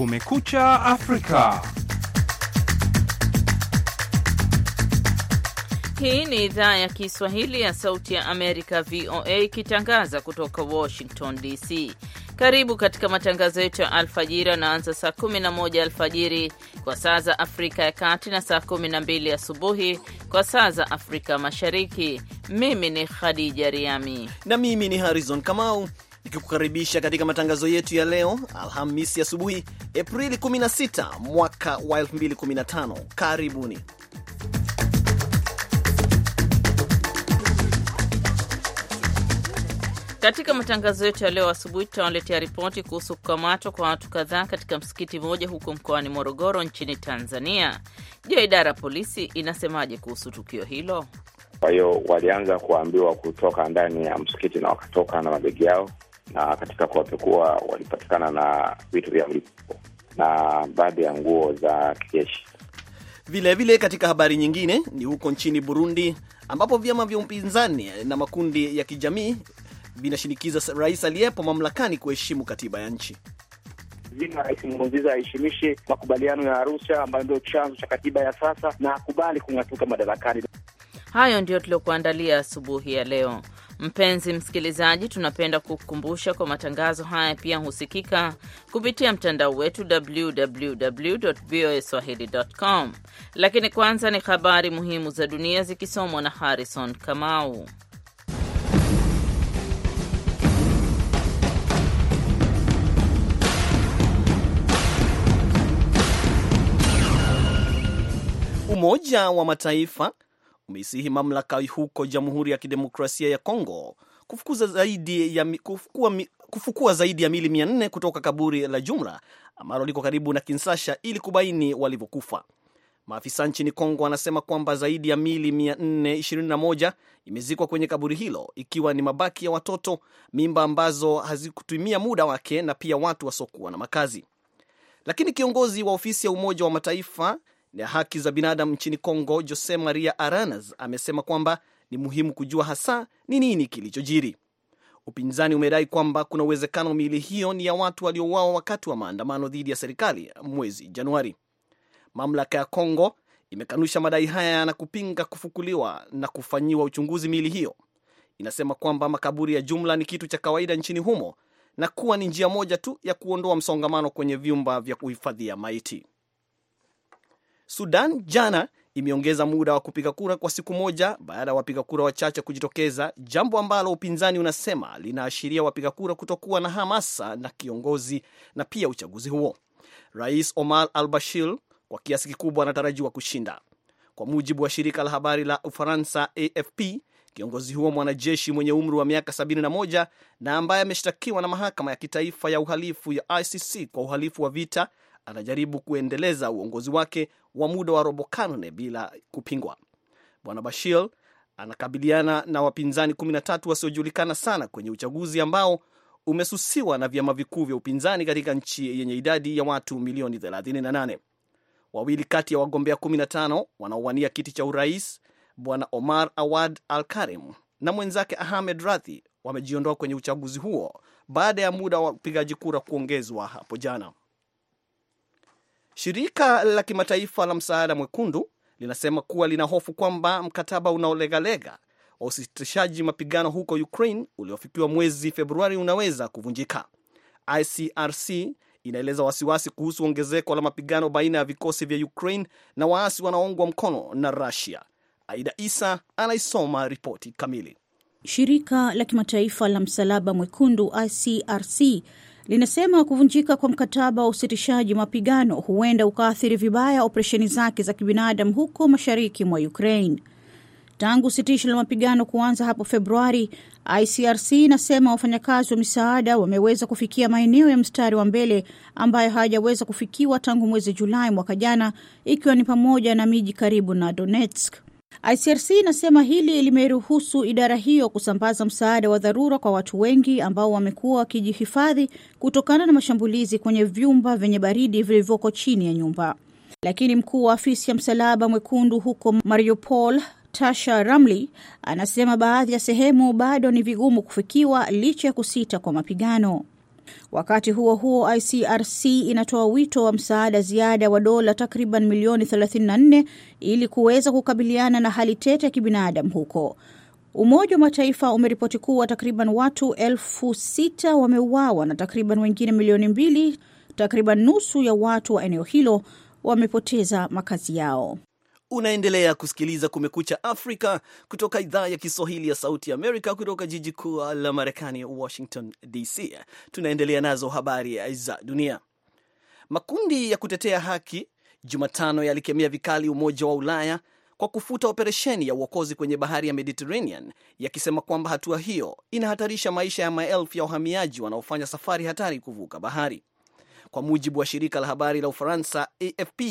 Kumekucha Afrika. Hii ni idhaa ya Kiswahili ya Sauti ya Amerika, VOA, ikitangaza kutoka Washington DC. Karibu katika matangazo yetu ya alfajiri yanaanza saa 11 alfajiri kwa saa za Afrika ya Kati na saa 12 asubuhi kwa saa za Afrika Mashariki. Mimi ni Khadija Riami na mimi ni Harrison Kamau nikikukaribisha katika matangazo yetu ya leo Alhamisi asubuhi Aprili 16 mwaka wa 2015. Karibuni. Katika matangazo yetu ya leo asubuhi tutawaletea ripoti kuhusu kukamatwa kwa watu kadhaa katika msikiti mmoja huko mkoani Morogoro nchini Tanzania. Je, idara ya polisi inasemaje kuhusu tukio hilo? Kwa hiyo walianza kuambiwa kutoka ndani ya msikiti na wakatoka na mabegi yao na katika kuwapekua walipatikana na vitu vya mlipuko na baadhi ya nguo za kijeshi. Vilevile vile katika habari nyingine ni huko nchini Burundi ambapo vyama vya upinzani na makundi ya kijamii vinashinikiza rais aliyepo mamlakani kuheshimu katiba ya nchi. Lazima Rais Nkurunziza aheshimishe makubaliano ya Arusha ambayo ndio chanzo cha katiba ya sasa na akubali kung'atuka madarakani. Hayo ndiyo tuliokuandalia asubuhi ya leo. Mpenzi msikilizaji, tunapenda kukukumbusha kwa matangazo haya pia husikika kupitia mtandao wetu www.voaswahili.com. Lakini kwanza ni habari muhimu za dunia zikisomwa na Harrison Kamau. Umoja wa Mataifa kumeisihi mamlaka huko Jamhuri ya Kidemokrasia ya Kongo kufukua zaidi ya, kufukua, kufukua zaidi ya mili mia nne kutoka kaburi la jumla ambalo liko karibu na Kinsasha ili kubaini walivyokufa. Maafisa nchini Kongo wanasema kwamba zaidi ya mili 421 imezikwa kwenye kaburi hilo, ikiwa ni mabaki ya watoto, mimba ambazo hazikutumia muda wake na pia watu wasiokuwa na makazi. Lakini kiongozi wa ofisi ya Umoja wa Mataifa na haki za binadamu nchini congo Jose Maria Aranas amesema kwamba ni muhimu kujua hasa ni nini kilichojiri. Upinzani umedai kwamba kuna uwezekano miili hiyo ni ya watu waliouawa wakati wa maandamano dhidi ya serikali mwezi Januari. Mamlaka ya congo imekanusha madai haya na kupinga kufukuliwa na kufanyiwa uchunguzi miili hiyo. Inasema kwamba makaburi ya jumla ni kitu cha kawaida nchini humo na kuwa ni njia moja tu ya kuondoa msongamano kwenye vyumba vya kuhifadhia maiti. Sudan jana imeongeza muda wa kupiga kura kwa siku moja baada ya wapiga kura wachache kujitokeza, jambo ambalo upinzani unasema linaashiria wapiga kura kutokuwa na hamasa na kiongozi na pia uchaguzi huo. Rais Omar al Bashir kwa kiasi kikubwa anatarajiwa kushinda, kwa mujibu wa shirika la habari la Ufaransa AFP. Kiongozi huo mwanajeshi mwenye umri wa miaka 71 na ambaye ameshtakiwa na mahakama ya kitaifa ya uhalifu ya ICC kwa uhalifu wa vita anajaribu kuendeleza uongozi wake wa muda wa robo karne bila kupingwa. Bwana Bashir anakabiliana na wapinzani 13 wasiojulikana sana kwenye uchaguzi ambao umesusiwa na vyama vikuu vya upinzani katika nchi yenye idadi ya watu milioni 38. Wawili kati ya wagombea 15 wanaowania kiti cha urais, Bwana Omar Awad Al Karim na mwenzake Ahmed Rathi wamejiondoa kwenye uchaguzi huo baada ya muda wa upigaji kura kuongezwa hapo jana. Shirika la kimataifa la msaada mwekundu linasema kuwa lina hofu kwamba mkataba unaolegalega wa usitishaji mapigano huko Ukraine uliofikiwa mwezi Februari unaweza kuvunjika. ICRC inaeleza wasiwasi kuhusu ongezeko la mapigano baina ya vikosi vya Ukraine na waasi wanaoungwa mkono na Russia. Aida Isa anaisoma ripoti kamili. Shirika la kimataifa la msalaba mwekundu ICRC linasema kuvunjika kwa mkataba wa usitishaji mapigano huenda ukaathiri vibaya operesheni zake za kibinadamu huko mashariki mwa Ukraine. Tangu sitisho la mapigano kuanza hapo Februari, ICRC inasema wafanyakazi wa misaada wameweza kufikia maeneo ya mstari wa mbele ambayo hawajaweza kufikiwa tangu mwezi Julai mwaka jana, ikiwa ni pamoja na miji karibu na Donetsk. ICRC inasema hili limeruhusu idara hiyo kusambaza msaada wa dharura kwa watu wengi ambao wamekuwa wakijihifadhi kutokana na mashambulizi kwenye vyumba vyenye baridi vilivyoko chini ya nyumba. Lakini mkuu wa afisi ya Msalaba Mwekundu huko Mariupol, Tasha Ramli, anasema baadhi ya sehemu bado ni vigumu kufikiwa licha ya kusita kwa mapigano. Wakati huo huo, ICRC inatoa wito wa msaada ziada wa dola takriban milioni 34 ili kuweza kukabiliana na hali tete ya kibinadamu huko. Umoja wa Mataifa umeripoti kuwa takriban watu elfu sita wameuawa na takriban wengine milioni mbili, takriban nusu ya watu wa eneo hilo wamepoteza makazi yao. Unaendelea kusikiliza Kumekucha Afrika kutoka idhaa ya Kiswahili ya Sauti ya Amerika, kutoka jiji kuu la Marekani, Washington DC. Tunaendelea nazo habari za dunia. Makundi ya kutetea haki Jumatano yalikemea vikali Umoja wa Ulaya kwa kufuta operesheni ya uokozi kwenye bahari ya Mediterranean, yakisema kwamba hatua hiyo inahatarisha maisha ya maelfu ya wahamiaji wanaofanya safari hatari kuvuka bahari. Kwa mujibu wa shirika la habari la Ufaransa AFP,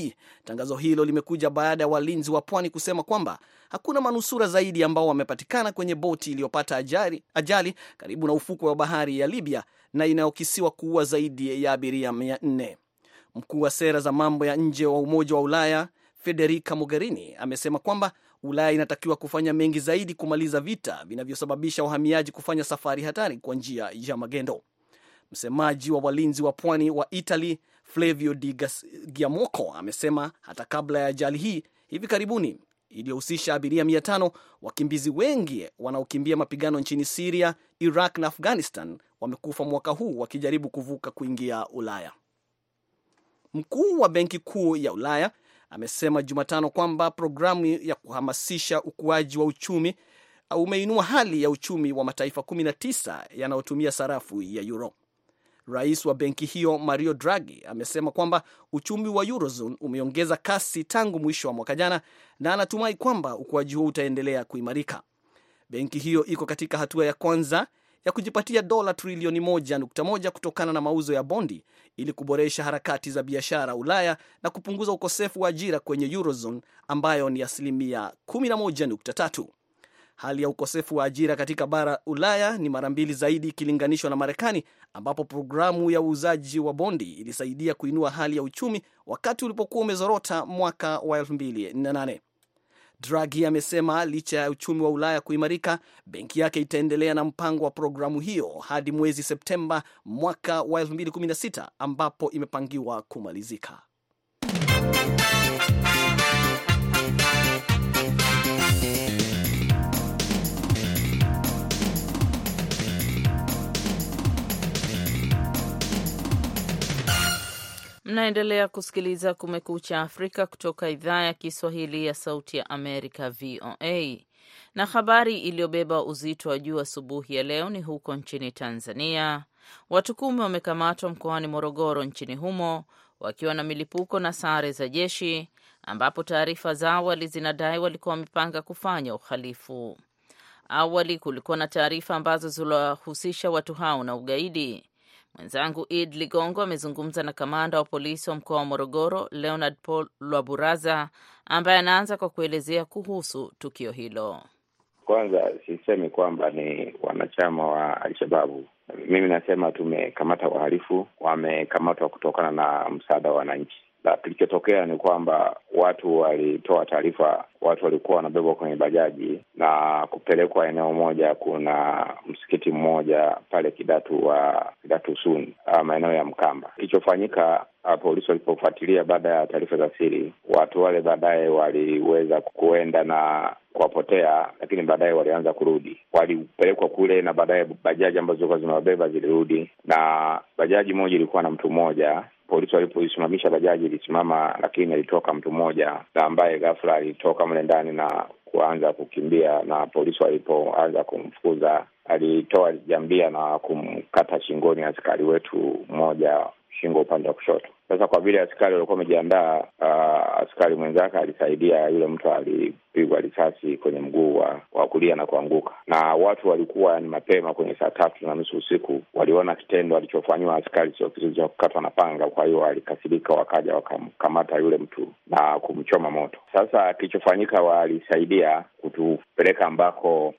tangazo hilo limekuja baada ya walinzi wa pwani kusema kwamba hakuna manusura zaidi ambao wamepatikana kwenye boti iliyopata ajali, ajali karibu na ufukwe wa bahari ya Libya na inayokisiwa kuua zaidi ya abiria 400. Mkuu wa sera za mambo ya nje wa Umoja wa Ulaya Federica Mogherini amesema kwamba Ulaya inatakiwa kufanya mengi zaidi kumaliza vita vinavyosababisha wahamiaji kufanya safari hatari kwa njia ya magendo. Msemaji wa walinzi wa pwani wa Italy Flavio Di Giamoco amesema hata kabla ya ajali hii hivi karibuni iliyohusisha abiria 5 wakimbizi wengi wanaokimbia mapigano nchini Siria, Iraq na Afghanistan wamekufa mwaka huu wakijaribu kuvuka kuingia Ulaya. Mkuu wa benki kuu ya Ulaya amesema Jumatano kwamba programu ya kuhamasisha ukuaji wa uchumi umeinua hali ya uchumi wa mataifa 19 yanayotumia sarafu ya euro. Rais wa benki hiyo Mario Draghi amesema kwamba uchumi wa Eurozone umeongeza kasi tangu mwisho wa mwaka jana na anatumai kwamba ukuaji huo utaendelea kuimarika. Benki hiyo iko katika hatua ya kwanza ya kujipatia dola trilioni 1.1 kutokana na mauzo ya bondi ili kuboresha harakati za biashara Ulaya na kupunguza ukosefu wa ajira kwenye Eurozone ambayo ni asilimia 11.3. Hali ya ukosefu wa ajira katika bara Ulaya ni mara mbili zaidi ikilinganishwa na Marekani, ambapo programu ya uuzaji wa bondi ilisaidia kuinua hali ya uchumi wakati ulipokuwa umezorota mwaka wa 2008. Draghi amesema licha ya uchumi wa Ulaya kuimarika, benki yake itaendelea na mpango wa programu hiyo hadi mwezi Septemba mwaka wa 2016 ambapo imepangiwa kumalizika. Mnaendelea kusikiliza Kumekucha Afrika kutoka idhaa ya Kiswahili ya Sauti ya Amerika, VOA. Na habari iliyobeba uzito wa juu asubuhi ya leo ni huko nchini Tanzania. Watu kumi wamekamatwa mkoani Morogoro nchini humo wakiwa na milipuko na sare za jeshi, ambapo taarifa za awali zinadai walikuwa wamepanga kufanya uhalifu. Awali kulikuwa na taarifa ambazo ziliwahusisha watu hao na ugaidi, Mwenzangu Id Ligongo amezungumza na kamanda wa polisi wa mkoa wa Morogoro, Leonard Paul Lwaburaza, ambaye anaanza kwa kuelezea kuhusu tukio hilo. Kwanza sisemi kwamba ni wanachama wa Alshababu. Mimi nasema tumekamata wahalifu, wamekamatwa kutokana na msaada wa wananchi, na kilichotokea ni kwamba watu walitoa taarifa watu walikuwa wanabebwa kwenye bajaji na kupelekwa eneo moja. Kuna msikiti mmoja pale Kidatu wa Kidatu Suni, maeneo ya Mkamba. Kilichofanyika polisi walipofuatilia, baada ya taarifa za siri, watu wale baadaye waliweza kuenda na kuwapotea, lakini baadaye walianza kurudi, walipelekwa kule, na baadaye bajaji ambazo zilikuwa zimewabeba zilirudi, na bajaji moja ilikuwa na mtu mmoja Polisi walipoisimamisha bajaji ilisimama, lakini alitoka mtu mmoja na ambaye ghafla alitoka mle ndani na kuanza kukimbia, na polisi walipoanza kumfukuza alitoa jambia na kumkata shingoni askari wetu mmoja shingo upande wa kushoto. Sasa kwa vile askari walikuwa wamejiandaa, uh, askari mwenzake alisaidia yule mtu alipigwa risasi kwenye mguu wa, wa kulia na kuanguka, na watu walikuwa ni mapema kwenye saa tatu na nusu usiku waliona kitendo alichofanyiwa askari sio kizuri cha kukatwa na panga. Kwa hiyo walikasirika, wakaja wakamkamata yule mtu na kumchoma moto. Sasa kilichofanyika, walisaidia kutupeleka ambako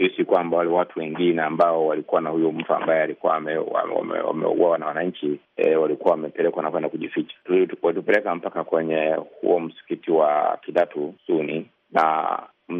hisi kwamba wale watu wengine ambao walikuwa na huyo mtu ambaye alikuwa ameuawa na wananchi e, walikuwa wamepelekwa na kwenda kujificha. Walitupeleka mpaka kwenye huo msikiti wa Kidatu Suni, na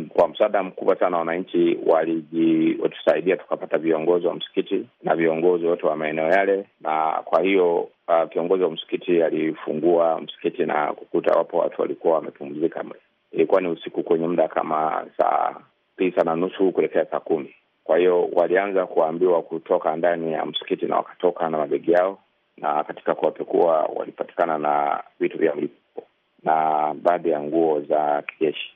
kwa msaada mkubwa sana wananchi walitusaidia, tukapata viongozi wa msikiti na viongozi wote wa maeneo yale, na kwa hiyo uh, kiongozi wa msikiti alifungua msikiti na kukuta wapo watu walikuwa wamepumzika. Ilikuwa ni usiku kwenye muda kama saa tisa na nusu kuelekea saa kumi. Kwa hiyo walianza kuambiwa kutoka ndani ya msikiti na wakatoka na mabegi yao, na katika kuwapekua walipatikana na vitu vya mlipuko na baadhi ya nguo za kijeshi.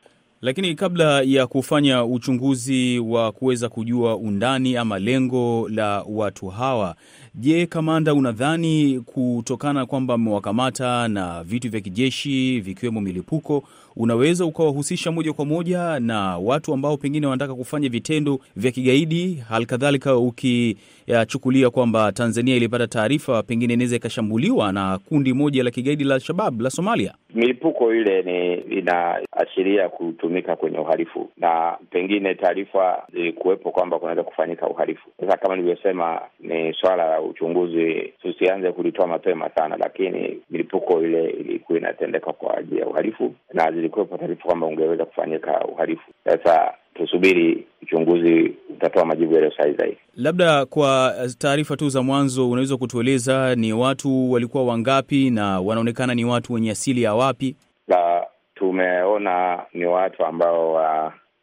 Lakini kabla ya kufanya uchunguzi wa kuweza kujua undani ama lengo la watu hawa, je, kamanda, unadhani kutokana kwamba mmewakamata na vitu vya kijeshi vikiwemo milipuko unaweza ukawahusisha moja kwa moja na watu ambao pengine wanataka kufanya vitendo vya kigaidi. Halikadhalika, ukichukulia kwamba Tanzania ilipata taarifa pengine inaweza ikashambuliwa na kundi moja la kigaidi la Al-Shabab la Somalia. Milipuko ile ni inaashiria kutumika kwenye uhalifu, na pengine taarifa zilikuwepo kwamba kunaweza kufanyika uhalifu. Sasa kama nilivyosema, ni swala la uchunguzi, tusianze kulitoa mapema sana, lakini milipuko ile ilikuwa inatendeka kwa ajili ya uhalifu na zilikuwepo taarifa kwamba ungeweza kufanyika uhalifu. Sasa tusubiri uchunguzi utatoa majibu yaliyo sahihi zaidi. Labda kwa eh, taarifa tu za mwanzo, unaweza kutueleza ni watu walikuwa wangapi na wanaonekana ni watu wenye asili ya wapi? La, tumeona ni watu ambao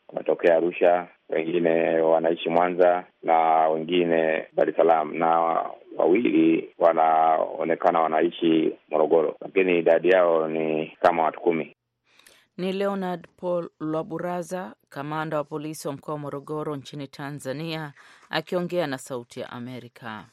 wanatokea Arusha, wengine wanaishi Mwanza na wengine Dar es Salaam na wawili wanaonekana wanaishi Morogoro, lakini idadi yao ni kama watu kumi ni Leonard Paul Lwaburaza, kamanda wa polisi wa mkoa wa Morogoro nchini Tanzania, akiongea na Sauti ya Amerika.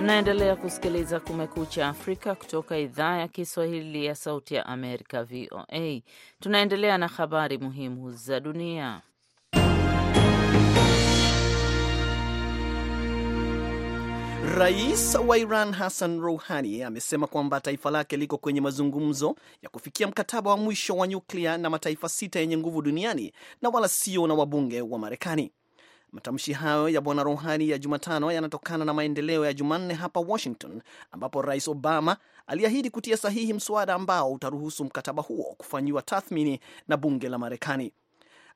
Mnaendelea kusikiliza Kumekucha Afrika kutoka idhaa ya Kiswahili ya Sauti ya Amerika, VOA. Tunaendelea na habari muhimu za dunia. Rais wa Iran Hassan Rouhani amesema kwamba taifa lake liko kwenye mazungumzo ya kufikia mkataba wa mwisho wa nyuklia na mataifa sita yenye nguvu duniani na wala sio na wabunge wa Marekani. Matamshi hayo ya bwana Rouhani ya Jumatano yanatokana na maendeleo ya Jumanne hapa Washington, ambapo rais Obama aliahidi kutia sahihi mswada ambao utaruhusu mkataba huo kufanyiwa tathmini na bunge la Marekani.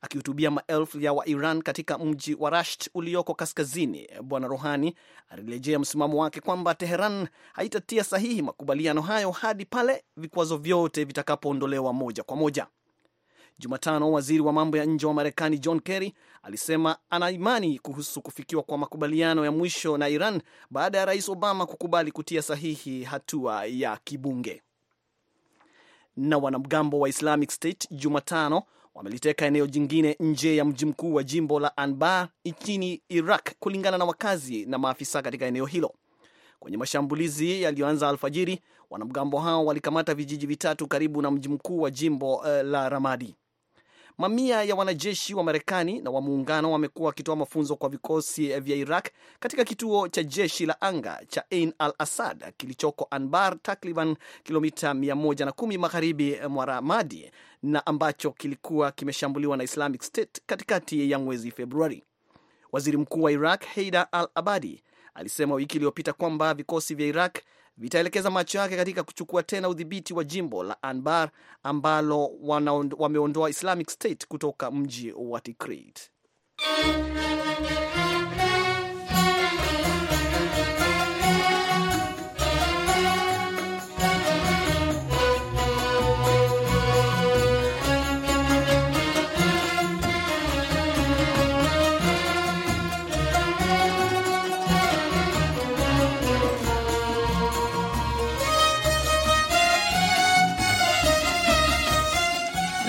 Akihutubia maelfu ya wairan katika mji wa Rasht ulioko kaskazini, bwana Rohani alirejea msimamo wake kwamba Teheran haitatia sahihi makubaliano hayo hadi pale vikwazo vyote vitakapoondolewa moja kwa moja. Jumatano, waziri wa mambo ya nje wa Marekani John Kerry alisema ana imani kuhusu kufikiwa kwa makubaliano ya mwisho na Iran baada ya Rais Obama kukubali kutia sahihi hatua ya kibunge. Na wanamgambo wa Islamic State Jumatano wameliteka eneo jingine nje ya mji mkuu wa jimbo la Anbar nchini Iraq, kulingana na wakazi na maafisa katika eneo hilo. Kwenye mashambulizi yaliyoanza alfajiri, wanamgambo hao walikamata vijiji vitatu karibu na mji mkuu wa jimbo uh, la Ramadi. Mamia ya wanajeshi wa Marekani na wa muungano wamekuwa wakitoa mafunzo kwa vikosi vya Iraq katika kituo cha jeshi la anga cha Ain al-Asad kilichoko Anbar, takriban kilomita 110 magharibi mwa Ramadi na ambacho kilikuwa kimeshambuliwa na Islamic State katikati ya mwezi Februari. Waziri Mkuu wa Iraq Haidar al-Abadi alisema wiki iliyopita kwamba vikosi vya Iraq vitaelekeza macho yake katika kuchukua tena udhibiti wa jimbo la Anbar ambalo wameondoa Islamic State kutoka mji wa Tikrit.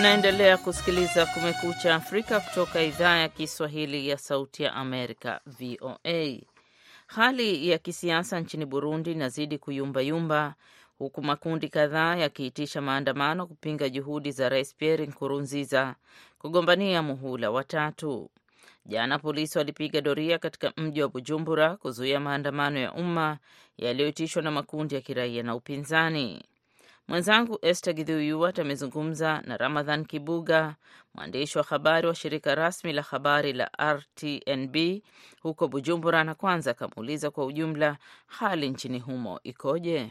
Mnaendelea kusikiliza Kumekucha Afrika kutoka idhaa ya Kiswahili ya Sauti ya Amerika, VOA. Hali ya kisiasa nchini Burundi inazidi kuyumbayumba huku makundi kadhaa yakiitisha maandamano kupinga juhudi za Rais Pierre Nkurunziza kugombania muhula watatu. Jana polisi walipiga doria katika mji wa Bujumbura kuzuia maandamano ya umma yaliyoitishwa na makundi ya kiraia na upinzani. Mwenzangu Esther gidhuyuat amezungumza na Ramadhan Kibuga, mwandishi wa habari wa shirika rasmi la habari la RTNB huko Bujumbura, na kwanza akamuuliza kwa ujumla hali nchini humo ikoje?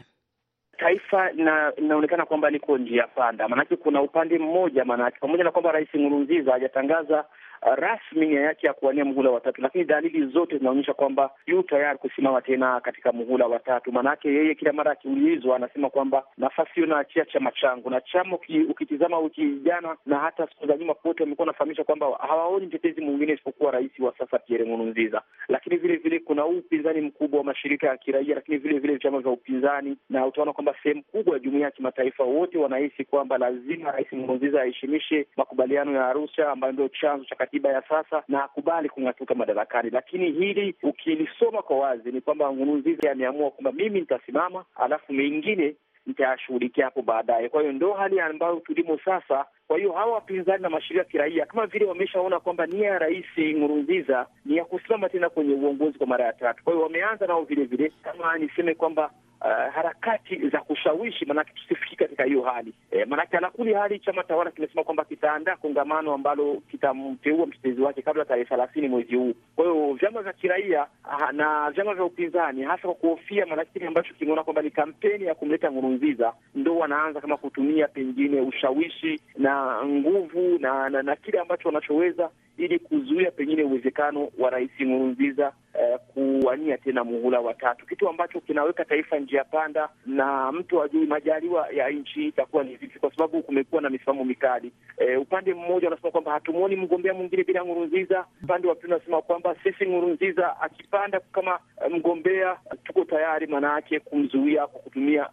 Taifa linaonekana kwamba liko njia panda, maanake kuna upande mmoja, maanake pamoja na kwamba Rais Nkurunziza hajatangaza rasmi nia yake ya kuwania muhula watatu, lakini dalili zote zinaonyesha kwamba yu tayari kusimama tena katika muhula watatu. Maanake yeye kila mara akiulizwa anasema kwamba nafasi hiyo naachia chama changu, na chama ukitizama wiki jana na hata siku za nyuma pote wamekuwa wanafahamisha kwamba hawaoni mtetezi mwingine isipokuwa rais wa sasa Pierre Nkurunziza. Lakini vile vile kuna huu upinzani mkubwa wa mashirika ya kiraia, lakini vile vile vyama vya upinzani, na utaona kwamba sehemu kubwa ya jumuiya ya kimataifa wote wanahisi kwamba lazima rais Nkurunziza aheshimishe makubaliano ya Arusha ambayo ndio chanzo cha katiba ya sasa na akubali kung'atuka madarakani. Lakini hili ukilisoma kwa wazi ni kwamba Nkurunziza ameamua kwamba mimi nitasimama, alafu mengine nitayashughulikia hapo baadaye. Kwa hiyo ndo hali ambayo tulimo sasa. Kwa hiyo hawa wapinzani na mashirika ya kiraia kama vile wameshaona kwamba nia ya Rais Nkurunziza ni ya kusimama tena kwenye uongozi kwa mara ya tatu. Kwa hiyo wameanza nao vile vile, kama niseme kwamba Eh, harakati za kushawishi, maanake tusifiki katika hiyo hali e, eh, maanake alakuli hali chama tawala kimesema kwamba kitaandaa kongamano ambalo kitamteua mtetezi wake kabla tarehe thelathini mwezi huu. Kwa hiyo vyama vya kiraia ah, na vyama vya upinzani, hasa kwa kuhofia, maanake kile ambacho kimeona kwamba ni kampeni ya kumleta Nkurunziza, ndo wanaanza kama kutumia pengine ushawishi na nguvu na, na, na kile ambacho wanachoweza ili kuzuia pengine uwezekano wa Rais Nkurunziza eh, kuwania tena muhula wa tatu, kitu ambacho kinaweka taifa njia njia panda, na mtu ajui majaliwa ya nchi itakuwa ni vipi, kwa sababu kumekuwa na misimamo mikali. E, upande mmoja unasema kwamba hatumwoni mgombea mwingine bila Ngurunziza, upande wa pili unasema kwamba sisi Ngurunziza akipanda kama mgombea tuko tayari, maanayake kumzuia kwa kutumia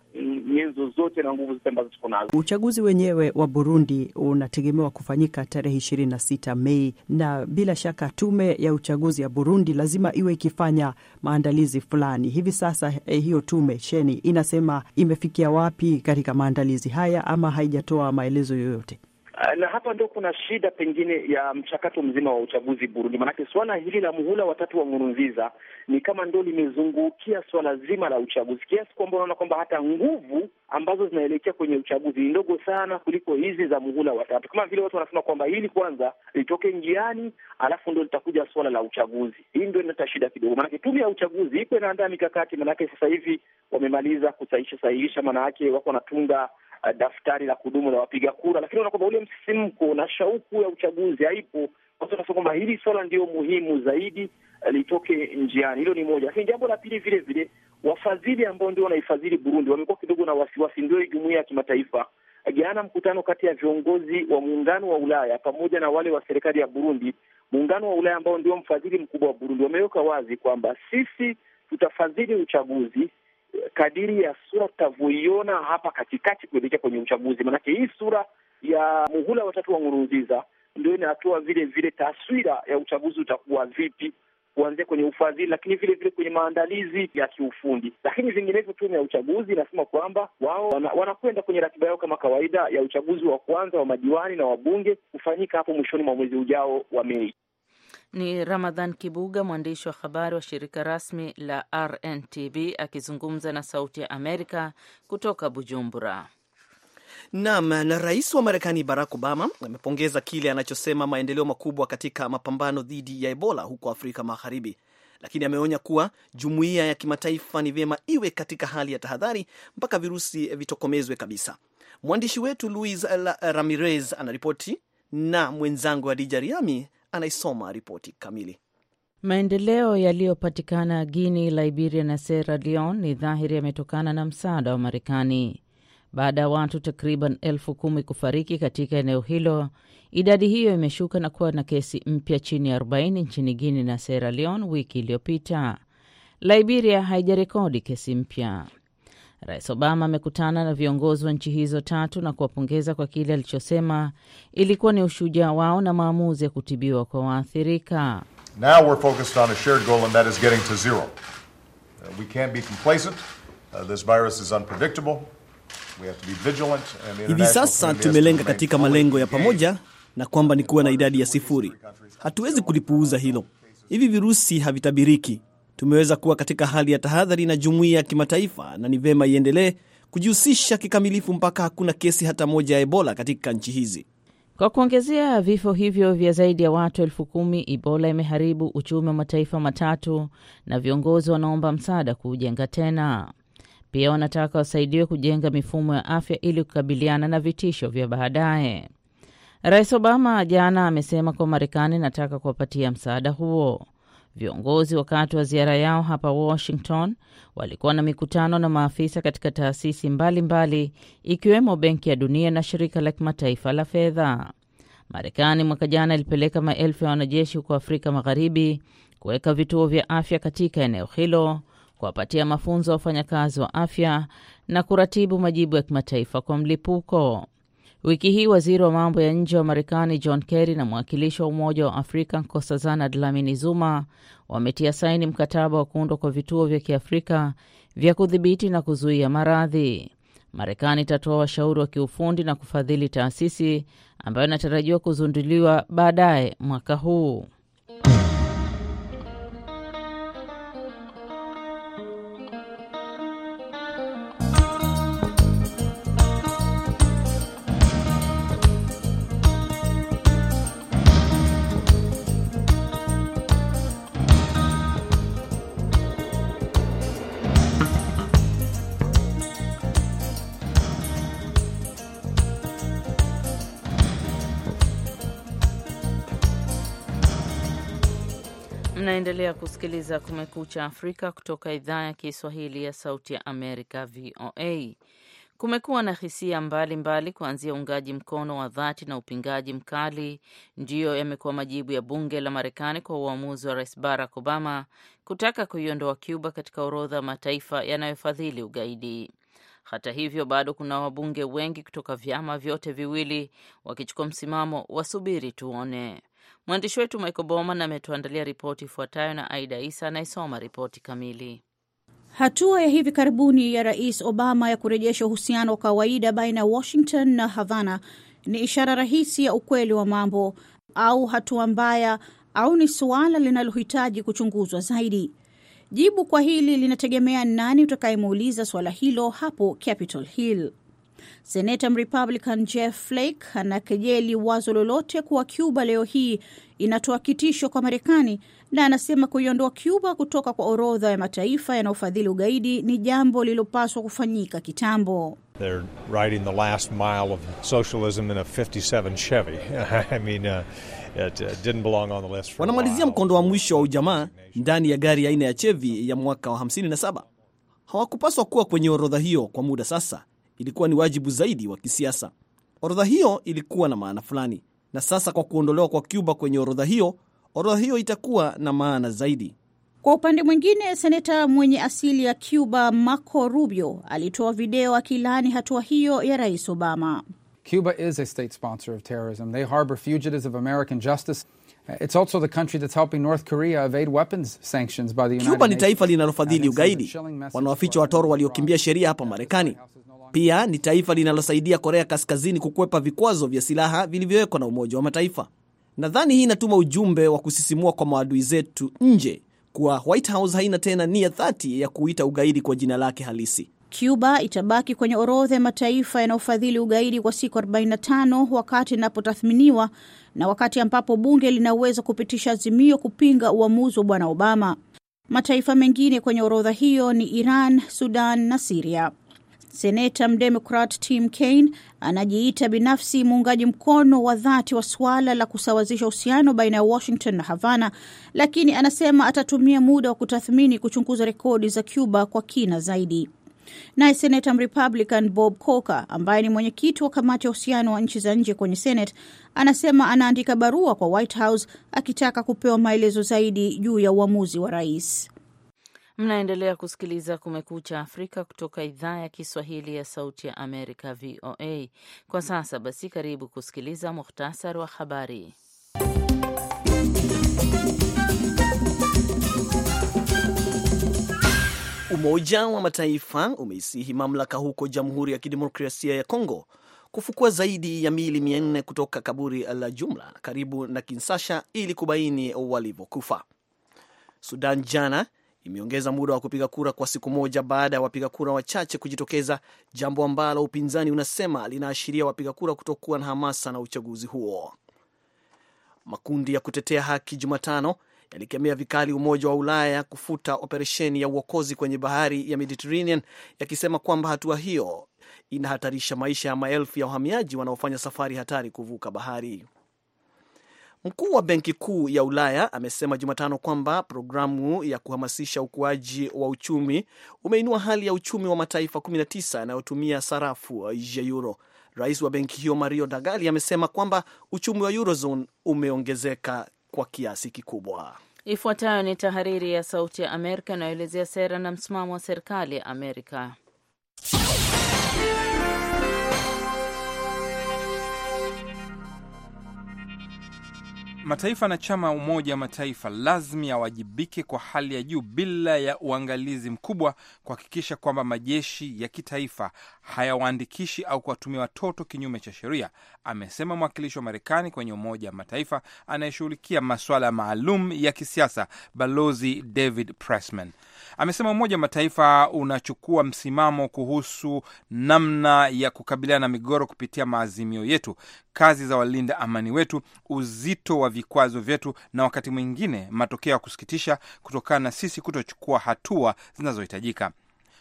nyenzo zote na nguvu zote ambazo tuko nazo. Uchaguzi wenyewe wa Burundi unategemewa kufanyika tarehe ishirini na sita Mei, na bila shaka tume ya uchaguzi ya Burundi lazima iwe ikifanya maandalizi fulani hivi sasa. Eh, hiyo tume televisheni inasema imefikia wapi katika maandalizi haya, ama haijatoa maelezo yoyote? Eh, na hapa ndo kuna shida pengine ya mchakato mzima wa uchaguzi Burundi, maanake suala hili la muhula watatu wa ngurunziza ni kama ndo limezungukia swala zima la uchaguzi, kiasi kwamba unaona kwamba hata nguvu ambazo zinaelekea kwenye uchaguzi ni ndogo sana kuliko hizi za muhula watatu Kama vile watu wanasema kwamba hili kwanza litoke njiani, alafu ndo litakuja swala la uchaguzi. Hii ndo inaleta shida kidogo, maanake tume ya uchaguzi iko inaandaa mikakati, maanake sasa hivi wamemaliza kusahihisha sahihisha, manaake wako wanatunga eh, daftari la kudumu la wapiga kura, lakini unaona ule msisimko na shauku ya uchaguzi haipo sasa kwamba hili swala ndio muhimu zaidi eh, litoke njiani. Hilo ni moja, lakini jambo la pili vile vile wafadhili ambao ndio wanaifadhili Burundi wamekuwa kidogo na wasiwasi, ndio jumuiya ya kimataifa. Jana mkutano kati ya viongozi wa muungano wa Ulaya pamoja na wale wa serikali ya Burundi, muungano wa Ulaya ambao ndio mfadhili mkubwa wa Burundi, wameweka wazi kwamba sisi tutafadhili uchaguzi eh, kadiri ya sura tutavyoiona hapa katikati kuelekea kwenye uchaguzi. Maanake hii sura ya muhula watatu wa Nkurunziza ndio inatoa vile vile taswira ya uchaguzi utakuwa vipi kuanzia kwenye ufadhili, lakini vile vile kwenye maandalizi ya kiufundi. Lakini vinginevyo, tume ya uchaguzi inasema kwamba wao wanakwenda wana kwenye ratiba yao kama kawaida ya uchaguzi wa kwanza wa madiwani na wabunge kufanyika hapo mwishoni mwa mwezi ujao wa Mei. Ni Ramadhan Kibuga, mwandishi wa habari wa shirika rasmi la RNTV akizungumza na Sauti ya Amerika kutoka Bujumbura. Naam, na rais wa Marekani Barack Obama amepongeza kile anachosema maendeleo makubwa katika mapambano dhidi ya Ebola huko Afrika Magharibi, lakini ameonya kuwa jumuiya ya kimataifa ni vyema iwe katika hali ya tahadhari mpaka virusi vitokomezwe kabisa. Mwandishi wetu Luis Ramirez anaripoti na mwenzangu Adija Riami anaisoma ripoti kamili. Maendeleo yaliyopatikana Guinea, Liberia na Sierra Leone ni dhahiri yametokana na msaada wa Marekani baada ya watu takriban elfu kumi kufariki katika eneo hilo. Idadi hiyo imeshuka na kuwa na kesi mpya chini ya 40 nchini Guinea na Sierra Leone wiki iliyopita. Liberia haijarekodi kesi mpya. Rais Obama amekutana na viongozi wa nchi hizo tatu na kuwapongeza kwa kile alichosema ilikuwa ni ushujaa wao na maamuzi ya kutibiwa kwa waathirika. Uh, Um, Hivi sasa tumelenga katika malengo ya pamoja na kwamba ni kuwa na idadi ya sifuri. Hatuwezi kulipuuza hilo. Hivi virusi havitabiriki. Tumeweza kuwa katika hali ya tahadhari na jumuiya ya kimataifa, na ni vema iendelee kujihusisha kikamilifu mpaka hakuna kesi hata moja ya Ebola katika nchi hizi. Kwa kuongezea vifo hivyo vya zaidi ya watu elfu kumi, Ebola imeharibu uchumi wa mataifa matatu na viongozi wanaomba msaada kuujenga tena. Pia wanataka wasaidiwe kujenga mifumo ya afya ili kukabiliana na vitisho vya baadaye. Rais Obama jana amesema kuwa Marekani inataka kuwapatia msaada huo. Viongozi wakati wa ziara yao hapa Washington walikuwa na mikutano na maafisa katika taasisi mbalimbali ikiwemo Benki ya Dunia na Shirika la Kimataifa la Fedha. Marekani mwaka jana ilipeleka maelfu ya wanajeshi huko Afrika Magharibi kuweka vituo vya afya katika eneo hilo kuwapatia mafunzo ya wafanyakazi wa afya na kuratibu majibu ya kimataifa kwa mlipuko. Wiki hii waziri wa mambo ya nje wa Marekani John Kerry na mwakilishi wa Umoja wa Afrika Nkosazana Dlamini Zuma wametia saini mkataba wa kuundwa kwa vituo vya kiafrika vya kudhibiti na kuzuia maradhi. Marekani itatoa washauri wa kiufundi na kufadhili taasisi ambayo inatarajiwa kuzinduliwa baadaye mwaka huu. Mnaendelea kusikiliza Kumekucha Afrika kutoka idhaa ya Kiswahili ya Sauti ya Amerika, VOA. Kumekuwa na hisia mbalimbali, kuanzia uungaji mkono wa dhati na upingaji mkali, ndiyo yamekuwa majibu ya bunge la Marekani kwa uamuzi wa Rais Barack Obama kutaka kuiondoa Cuba katika orodha ya mataifa yanayofadhili ugaidi. Hata hivyo bado kuna wabunge wengi kutoka vyama vyote viwili wakichukua msimamo, wasubiri tuone. Mwandishi wetu Michael Bowman ametuandalia ripoti ifuatayo, na Aida Isa anayesoma ripoti kamili. Hatua ya hivi karibuni ya Rais Obama ya kurejesha uhusiano wa kawaida baina ya Washington na Havana ni ishara rahisi ya ukweli wa mambo, au hatua mbaya, au ni suala linalohitaji kuchunguzwa zaidi? Jibu kwa hili linategemea nani utakayemuuliza suala hilo hapo Capitol Hill. Seneta Mrepublican Jeff Flake anakejeli wazo lolote kuwa Cuba leo hii inatoa kitisho kwa Marekani na anasema kuiondoa Cuba kutoka kwa orodha ya mataifa yanayofadhili ugaidi ni jambo lililopaswa kufanyika kitambo. They're riding the last mile of socialism in a 57 Chevy. I mean, uh, it, uh, didn't belong on the list for wanamalizia mkondo wa mwisho wa ujamaa ndani ya gari aina ya Chevy ya mwaka wa 57. Hawakupaswa kuwa kwenye orodha hiyo kwa muda sasa, ilikuwa ni wajibu zaidi wa kisiasa. Orodha hiyo ilikuwa na maana fulani, na sasa kwa kuondolewa kwa Cuba kwenye orodha hiyo, orodha hiyo itakuwa na maana zaidi. Kwa upande mwingine, seneta mwenye asili ya Cuba Marco Rubio alitoa video akilaani hatua hiyo ya Rais Obama. Cuba is a state sponsor of terrorism. They harbor fugitives of American justice. Uh, it's also the country that's helping North Korea evade weapons sanctions by the United Cuba ni taifa linalofadhili ugaidi, wanaoficha watoro waliokimbia sheria hapa Marekani. Pia ni taifa linalosaidia Korea Kaskazini kukwepa vikwazo vya silaha vilivyowekwa na Umoja wa Mataifa. Nadhani hii inatuma ujumbe wa kusisimua kwa maadui zetu nje kuwa White House haina tena nia dhati ya kuita ugaidi kwa jina lake halisi. Cuba itabaki kwenye orodha ya mataifa yanayofadhili ugaidi kwa siku 45 wakati inapotathminiwa na wakati ambapo bunge linaweza kupitisha azimio kupinga uamuzi wa bwana Obama. Mataifa mengine kwenye orodha hiyo ni Iran, Sudan na Siria. Seneta mdemokrat Tim Kaine anajiita binafsi muungaji mkono wa dhati wa suala la kusawazisha uhusiano baina ya Washington na Havana, lakini anasema atatumia muda wa kutathmini kuchunguza rekodi za Cuba kwa kina zaidi. Naye seneta Mrepublican Bob coker ambaye ni mwenyekiti wa kamati ya uhusiano wa nchi za nje kwenye Senate anasema anaandika barua kwa White House akitaka kupewa maelezo zaidi juu ya uamuzi wa rais. Mnaendelea kusikiliza Kumekucha Afrika kutoka idhaa ya Kiswahili ya Sauti ya Amerika, VOA. Kwa sasa basi, karibu kusikiliza muhtasari wa habari. Umoja wa Mataifa umeisihi mamlaka huko Jamhuri ya Kidemokrasia ya Kongo kufukua zaidi ya miili nne kutoka kaburi la jumla karibu na Kinsasha ili kubaini walivyokufa. Sudan jana imeongeza muda wa kupiga kura kwa siku moja baada ya wapiga kura wachache kujitokeza, jambo ambalo upinzani unasema linaashiria wapiga kura kutokuwa na hamasa na uchaguzi huo. Makundi ya kutetea haki Jumatano yalikemea vikali Umoja wa Ulaya kufuta operesheni ya uokozi kwenye bahari ya Mediterranean, yakisema kwamba hatua hiyo inahatarisha maisha ya maelfu ya wahamiaji wanaofanya safari hatari kuvuka bahari. Mkuu wa Benki Kuu ya Ulaya amesema Jumatano kwamba programu ya kuhamasisha ukuaji wa uchumi umeinua hali ya uchumi wa mataifa 19 yanayotumia sarafu ya euro. Rais wa benki hiyo Mario dagali amesema kwamba uchumi wa eurozone umeongezeka kwa kiasi kikubwa. Ifuatayo ni tahariri ya Sauti ya Amerika inayoelezea sera na msimamo wa serikali ya Amerika. mataifa na chama Umoja wa Mataifa lazima yawajibike kwa hali ya juu bila ya uangalizi mkubwa kuhakikisha kwamba majeshi ya kitaifa hayawaandikishi au kuwatumia watoto kinyume cha sheria amesema mwakilishi wa Marekani kwenye Umoja wa Mataifa anayeshughulikia masuala maalum ya kisiasa Balozi David Pressman amesema Umoja wa Mataifa unachukua msimamo kuhusu namna ya kukabiliana na migogoro kupitia maazimio yetu, kazi za walinda amani wetu, uzito wa vikwazo vyetu, na wakati mwingine matokeo ya kusikitisha kutokana na sisi kutochukua hatua zinazohitajika.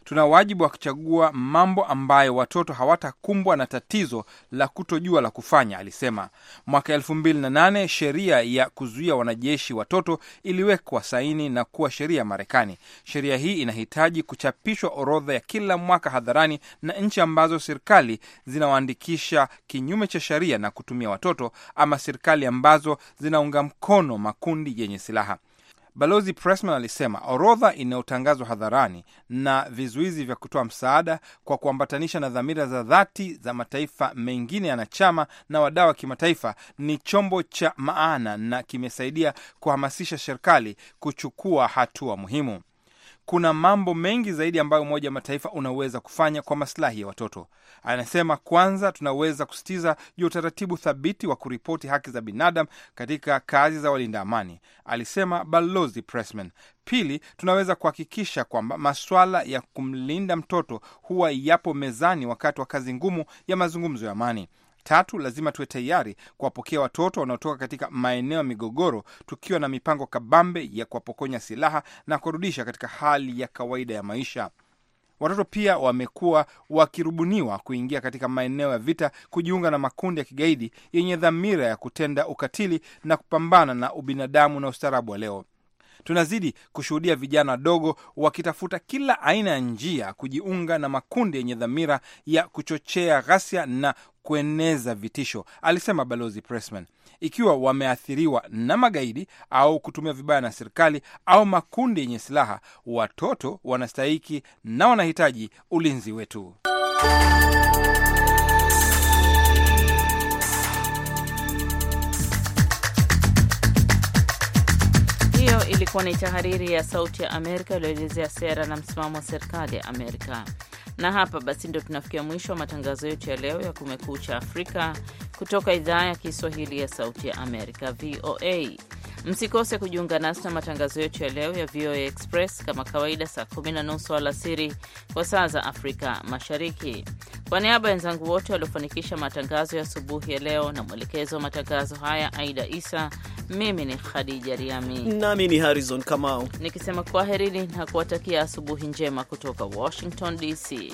Tuna wajibu wa kuchagua mambo ambayo watoto hawatakumbwa na tatizo la kutojua la kufanya, alisema. Mwaka elfu mbili na nane sheria ya kuzuia wanajeshi watoto iliwekwa saini na kuwa sheria ya Marekani. Sheria hii inahitaji kuchapishwa orodha ya kila mwaka hadharani na nchi ambazo serikali zinawaandikisha kinyume cha sheria na kutumia watoto, ama serikali ambazo zinaunga mkono makundi yenye silaha. Balozi Pressman alisema orodha inayotangazwa hadharani na vizuizi vya kutoa msaada kwa kuambatanisha na dhamira za dhati za mataifa mengine yanachama na wadau wa kimataifa ni chombo cha maana na kimesaidia kuhamasisha serikali kuchukua hatua muhimu kuna mambo mengi zaidi ambayo Umoja wa Mataifa unaweza kufanya kwa masilahi ya watoto. Anasema kwanza, tunaweza kusitiza juu ya utaratibu thabiti wa kuripoti haki za binadamu katika kazi za walinda amani, alisema Balozi Pressman. Pili, tunaweza kuhakikisha kwamba maswala ya kumlinda mtoto huwa yapo mezani wakati wa kazi ngumu ya mazungumzo ya amani. Tatu, lazima tuwe tayari kuwapokea watoto wanaotoka katika maeneo ya migogoro, tukiwa na mipango kabambe ya kuwapokonya silaha na kurudisha katika hali ya kawaida ya maisha. Watoto pia wamekuwa wakirubuniwa kuingia katika maeneo ya vita, kujiunga na makundi ya kigaidi yenye dhamira ya kutenda ukatili na kupambana na ubinadamu na ustaarabu wa leo. Tunazidi kushuhudia vijana wadogo wakitafuta kila aina ya njia kujiunga na makundi yenye dhamira ya kuchochea ghasia na kueneza vitisho, alisema Balozi Pressman. Ikiwa wameathiriwa na magaidi au kutumia vibaya na serikali au makundi yenye silaha, watoto wanastahiki na wanahitaji ulinzi wetu. Hiyo ilikuwa ni tahariri ya Sauti ya Amerika iliyoelezea sera na msimamo wa serikali ya Amerika. Na hapa basi ndio tunafikia mwisho wa matangazo yetu ya leo ya Kumekucha Afrika kutoka idhaa ya Kiswahili ya Sauti ya Amerika, VOA. Msikose kujiunga nasi na matangazo yetu ya leo ya VOA Express kama kawaida, saa kumi na nusu alasiri kwa saa za Afrika Mashariki. Kwa niaba ya wenzangu wote waliofanikisha matangazo ya asubuhi ya leo na mwelekezo wa matangazo haya Aida Isa, mimi ni Khadija Riami nami ni Harrison Kamau nikisema kwaherini na kuwatakia asubuhi njema kutoka Washington DC.